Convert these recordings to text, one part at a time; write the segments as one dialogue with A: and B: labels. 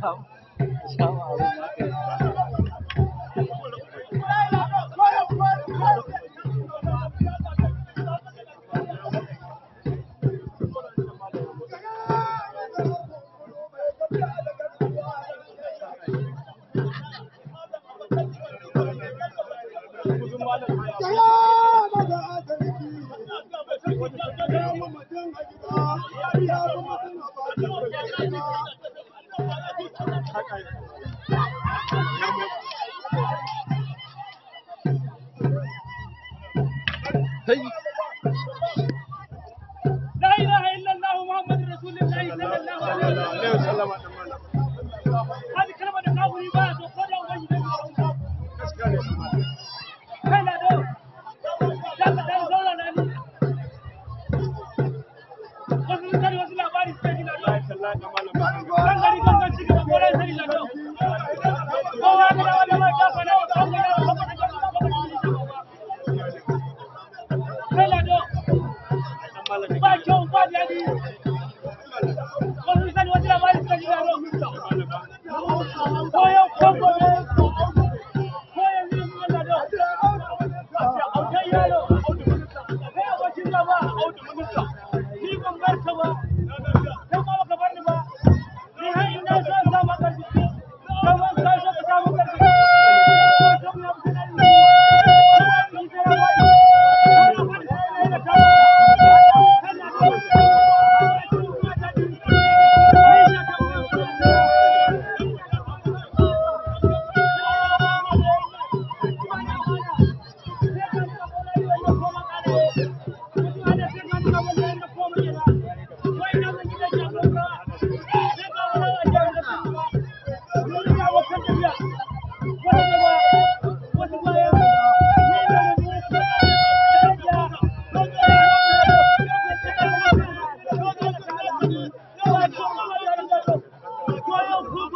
A: 好，好。Hey. 跟不上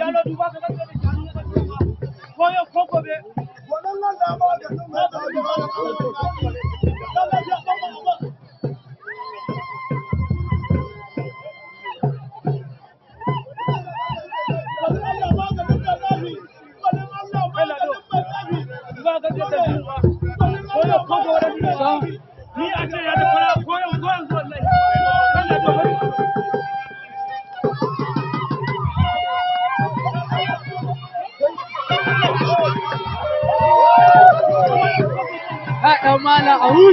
A: Yalo duba ka kan ka ko yo ko ko be ni a ce ya da fara لا you.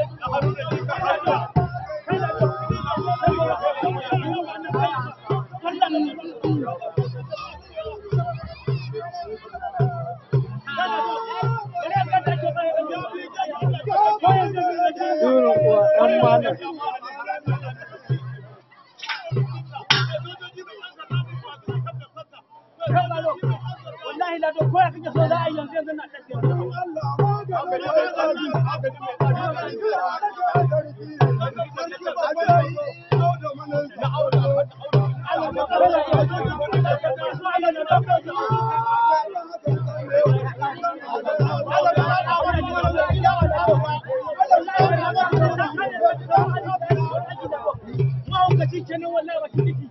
A: mane wallahi lado ko ya kike so za a yi yanzu yanzu na kashe mahaukaci kenan wallahi ba shi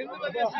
A: ఎందుకు